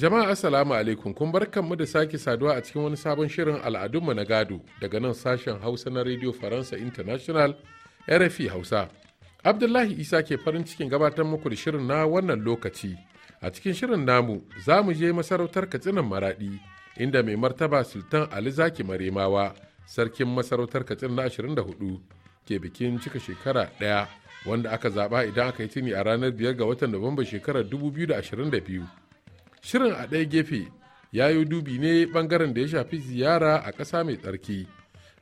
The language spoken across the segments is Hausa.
Jama'a Assalamu alaikum kun barkanmu da sake saduwa a cikin wani sabon shirin al'adunmu na gado daga nan sashen Hausa na Radio Faransa International RFI Hausa. Abdullahi Isa ke farin cikin gabatar muku da shirin na wannan lokaci. A cikin shirin namu za mu je masarautar Katsinan maraɗi inda mai martaba Sultan Ali Zaki Maremawa sarkin masarautar Katsina na 24 ke bikin cika shekara ɗaya wanda aka zaba idan aka yi tuni a ranar 5 ga watan Nuwamba shekarar 2022. shirin a ɗaya gefe ya yi dubi ne ɓangaren da ya shafi ziyara a ƙasa mai tsarki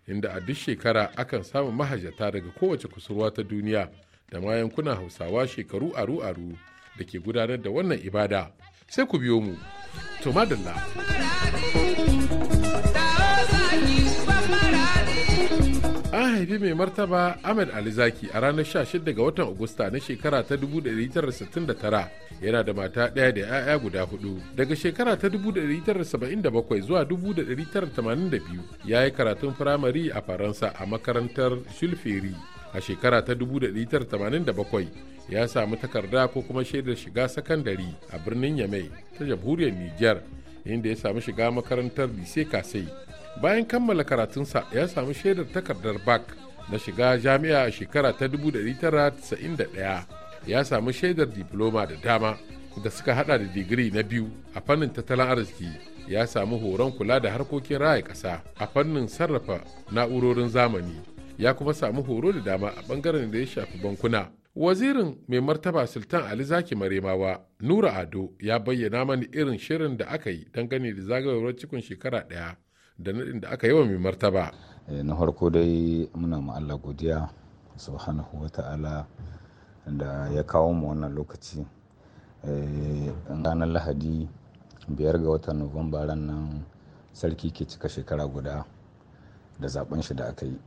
inda a duk shekara akan samu mahajjata daga kowace kusurwa ta duniya da ma yankunan hausawa shekaru aru-aru da ke gudanar da wannan ibada sai ku biyo mu to madalla mahaifi mai martaba ahmed ali zaki a ranar 16 ga watan agusta na shekara ta 1969 yana da mata ɗaya da 'ya'ya guda hudu daga shekara ta 1977 zuwa 1982 ya yi karatun firamare a faransa a makarantar shulferi a shekara ta 1987 ya samu takarda ko kuma shaidar shiga sakandare a birnin yamai ta jamhuriyar niger inda ya samu shiga makarantar lise kasai bayan kammala karatunsa ya samu shaidar takardar bak na shiga jami'a a shekara ta 1991 ya samu shaidar diploma da dama da suka hada da digiri na biyu a fannin tattalin arziki ya samu horon kula da harkokin raya ƙasa a fannin sarrafa na'urorin zamani ya kuma samu horo da dama a bangaren da ya shafi bankuna wazirin mai martaba sultan ali zaki maremawa nura ado ya bayyana mani irin shirin da aka yi dangane da zagayowar cikin shekara ɗaya da naɗin da aka yi wa mai martaba eh, na harko dai muna ma'alla godiya subhanahu wa ta'ala da ya kawo mu wannan lokaci eh, ranar lahadi biyar ga watan nuwamba ran nan sarki ke cika shekara guda da zaben shi da aka yi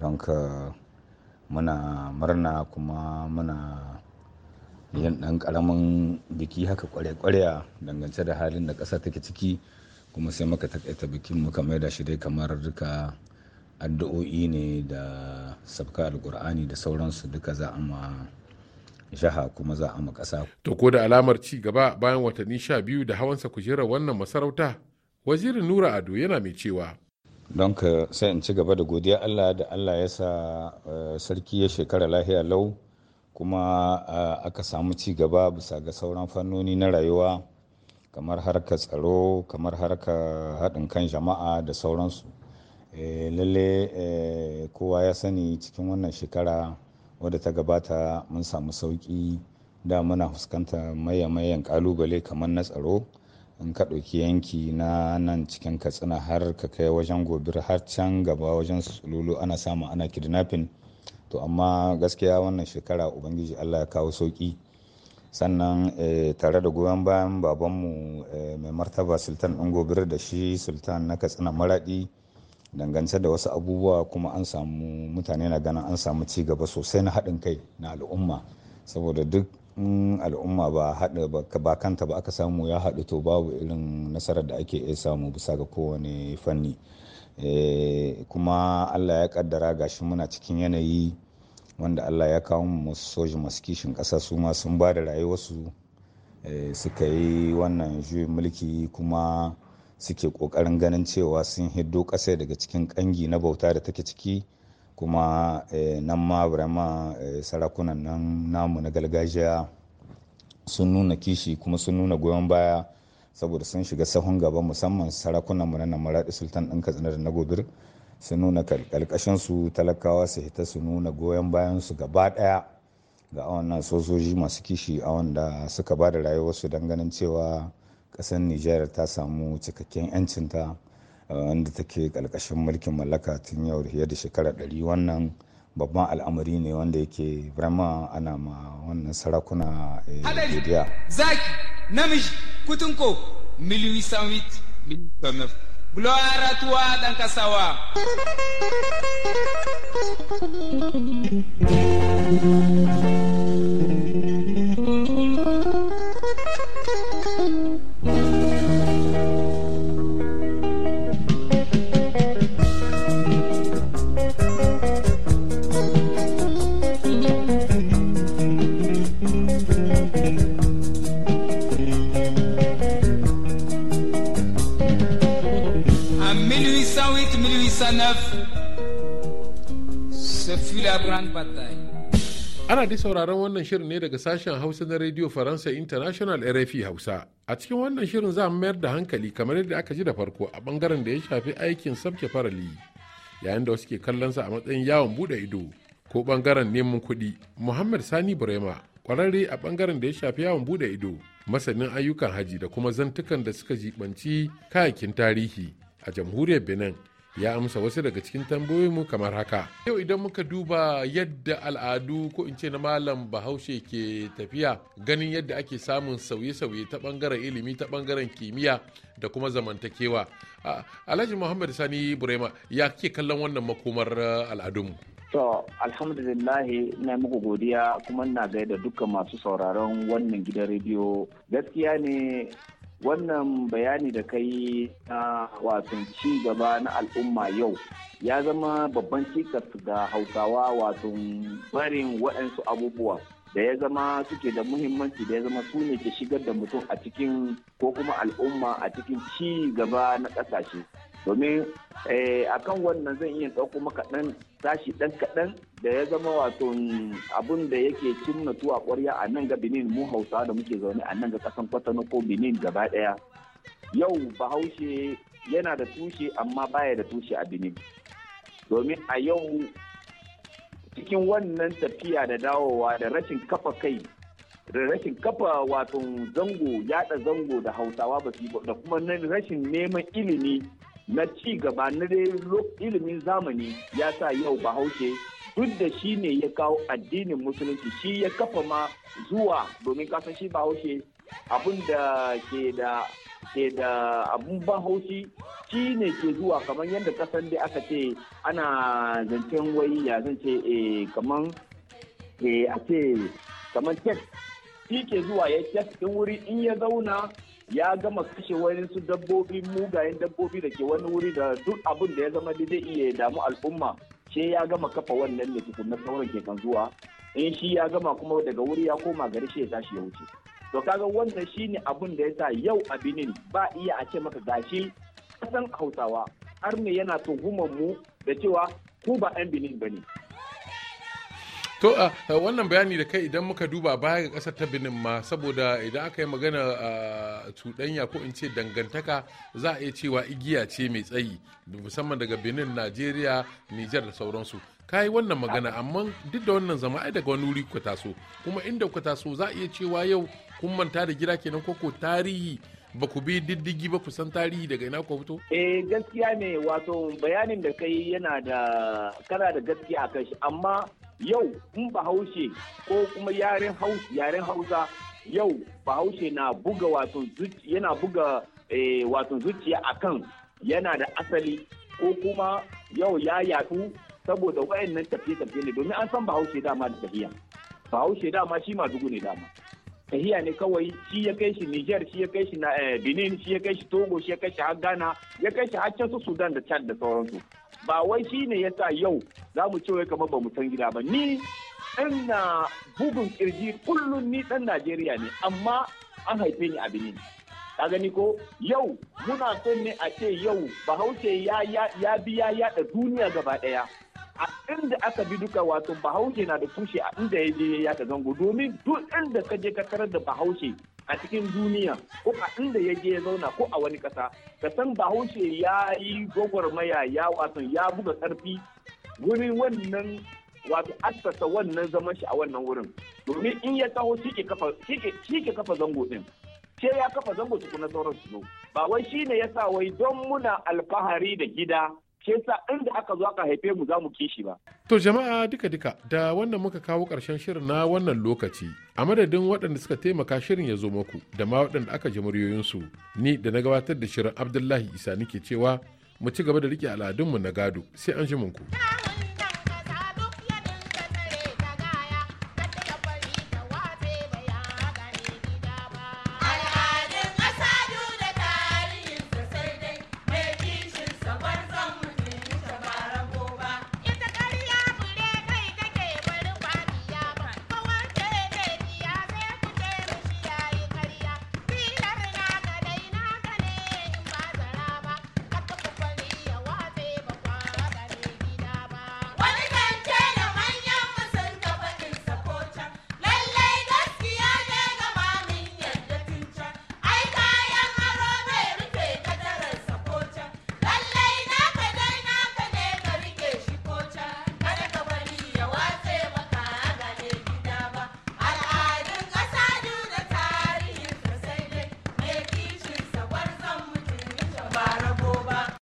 don ka muna murna kuma muna yin ɗan ƙaramin biki haka kware-kware dangance da halin da ƙasa take ciki kuma sai muka takaita bikin muka maida shi dai kamar duka addu'o'i ne da sabka alkur'ani da sauransu duka za a ma jiha kuma za a ma ƙasa. to ko da alamar ci gaba bayan watanni sha biyu da hawansa kujerar wannan masarauta wazirin nura ado yana mai cewa don ka sai in ci gaba da godiya allah da allah ya sa eh, sarki ya shekara lahiya lau kuma eh, aka samu ci gaba bisa ga sauran fannoni na rayuwa kamar harka tsaro kamar harka haɗin kan jama'a da sauransu eh, lalle eh, kowa ya sani cikin wannan shekara wadda ta gabata mun samu sauƙi da muna fuskanta maye-mayen ƙalubale kamar na tsaro in ka ɗauki yanki na nan cikin katsina har ka kai wajen gobir har can gaba wajen sululu ana samu ana kidnapping to amma gaskiya wannan shekara ubangiji allah ya kawo sauƙi sannan eh, tare da goyon bayan baban mu eh, mai martaba sultan gobir da shi sultan na katsina maraɗi dangance da wasu abubuwa kuma an samu mutane na ganin an samu ci gaba sosai na haɗin kai na al'umma saboda duk al'umma ba haɗa ba kanta ba aka samu ya haɗu to babu irin nasarar da ake iya samu bisa ga kowane fanni eh, kuma allah ya ƙaddara gashi muna cikin yanayi wanda allah ya kawo mu soji masu kishin ƙasa su ma sun ba da rayuwarsu eh, suka yi wannan juyin mulki kuma suke kokarin ganin cewa sun hiddo kasa daga cikin kangi na bauta da take ciki kuma eh, nan ma burama eh, sarakunan nan namu na galgajiya sun nuna kishi kuma sun nuna goyon baya saboda sun shiga sahun gaba musamman sarakunan mu na namara sultan ɗin katsina da na gobir su nuna karkashin su talakawa su hita su nuna goyon bayan su gaba daya ga wannan sojoji masu kishi a wanda suka ba da rayuwarsu don ganin cewa ƙasar nijar ta samu cikakken 'yancinta eh, wanda take karkashin mulkin mallaka tun yau da da shekara ɗari wannan babban al'amari ne wanda yake birama ana ma wannan sarakuna eh, zaki namiji kutunko miliyoyi samit miliyoyi Gloire à toi, Ana dai sauraron wannan shirin ne daga sashen Hausa na Radio Faransa International RFI Hausa. A cikin wannan shirin za mu mayar da hankali kamar yadda aka ji da farko a bangaren da ya shafi aikin sabke farali yayin da wasu ke kallon sa a matsayin yawon bude ido ko bangaren neman kuɗi. Muhammad Sani Burema kwararre a bangaren da ya shafi yawon bude ido masanin ayyukan haji da kuma zantukan da suka jibanci kayakin tarihi a jamhuriyar Benin ya amsa wasu daga cikin tambayoyin tambayoyinmu kamar haka yau idan muka duba yadda al'adu ko in ce na malam bahaushe ke tafiya ganin yadda ake samun sauye-sauye ta bangaren ilimi ta bangaren kimiyya da kuma zamantakewa alhaji muhammad sani burema ya ke kallon wannan makomar uh, al'adunmu To, alhamdulillah na muku godiya kuma na gaida dukkan masu sauraron wannan gidan rediyo. Gaskiya ne wannan bayani da kai na wasan ci gaba na al'umma yau ya zama babban cikas ga hausawa wato barin waɗansu abubuwa da ya zama suke da muhimmanci da ya zama su ne ke shigar da mutum a cikin ko kuma al'umma a cikin ci gaba na ƙasashe domin eh, a kan wannan zan iya ɗauko maka ɗan tashi ɗan kaɗan da ya zama wato abun da yake cin tuwa kwarya a nan ga benin mu hausa da muke zaune a nan ga kasan kwatano ko benin gaba daya yau bahaushe yana da tushe amma baya da tushe a benin domin a yau cikin wannan tafiya da dawowa da rashin kafa kai da rashin kafa wato zango yada zango da hausawa ba su da kuma rashin neman ilimi na ci gaba na ilimin zamani ya sa yau bahaushe duk da shi ne ya kawo addinin musulunci shi ya kafa ma zuwa domin kasan shi bahaushe abin da ke da ke da abun bahaushe shi ne ke zuwa kamar yadda kasan da aka ce ana zancen wai ya zance eh, kamar eh, a ce kamar tek shi ke zuwa ya tek din wuri in ya zauna ya gama kashe wani su dabbobi mugayen dabbobi da ke wani wuri da duk abin da ya zama da zai iya damu al'umma sai ya gama kafa wannan ne tukunan sauran ke kan zuwa in shi ya gama kuma daga wuri ya koma gari shi ya tashi ya wuce to kaga wannan ne abun da yasa yau a Benin ba iya a ce maka gashi kasan Hausawa har ne yana tuhumar mu da cewa ku ba 'yan Benin bane To wannan bayani da kai idan muka duba baya ga kasar ta Benin ma saboda idan aka yi magana cuɗanya ko in ce dangantaka za a iya cewa igiya ce mai tsayi musamman daga Benin, Najeriya, Nijar da sauransu. Ka yi wannan magana amma duk da wannan zama ai daga wani wuri ku taso kuma inda ku taso za a iya cewa yau kun manta da gida kenan koko tarihi ba ku bi diddigi ba ku san tarihi daga ina ku fito? Eh gaskiya ne wato bayanin da kai yana da kana da gaskiya a kan shi amma yau in bahaushe ko kuma yaren hausa yau bahaushe na buga wato yana buga eh, wato zuciya akan yana da asali ko kuma yau ya yatu saboda wayannan tafiye-tafiye ne domin an san bahaushe dama da tafiya bahaushe dama shi madugu ne dama tahiya ne kawai shi ya kai shi Niger shi ya kai shi eh, Benin shi ya kai shi Togo shi ya kai shi har Ghana ya kai shi har can su Sudan da Chad da sauransu ba wai shi ne ya sa yau za mu ce kamar ba mu san gida ba ni na bugun ƙirji kullum ni ɗan Najeriya ne amma an haife ni a Benin ka gani ko yau muna son ne a ce yau bahaushe ya bi ya biya yada duniya gaba daya a inda aka bi duka wato bahaushe na da tushe a inda ya je ya yada zango domin duk inda ka je ka tarar da bahaushe a cikin duniya ko a inda ya je ya zauna ko a wani ƙasa ka san bahaushe ya yi gwagwarmaya ya wato ya buga ƙarfi wurin wannan wato assasa wannan zaman shi a wannan wurin domin in ya taho shi ke kafa zango din ce ya kafa zango su tukuna sauran su zo ba wai shi ne ya sa wai don muna alfahari da gida ke sa inda aka zo aka haife mu za mu kishi ba To jama'a duka-duka da wannan muka kawo ƙarshen shirin na wannan lokaci a madadin waɗanda suka taimaka shirin ya zo maku da ma waɗanda aka ji muryoyinsu ni da na gabatar da shirin Abdullahi Isa nike cewa mu ci gaba da riƙe al'adunmu na gado sai an ji munku. ku.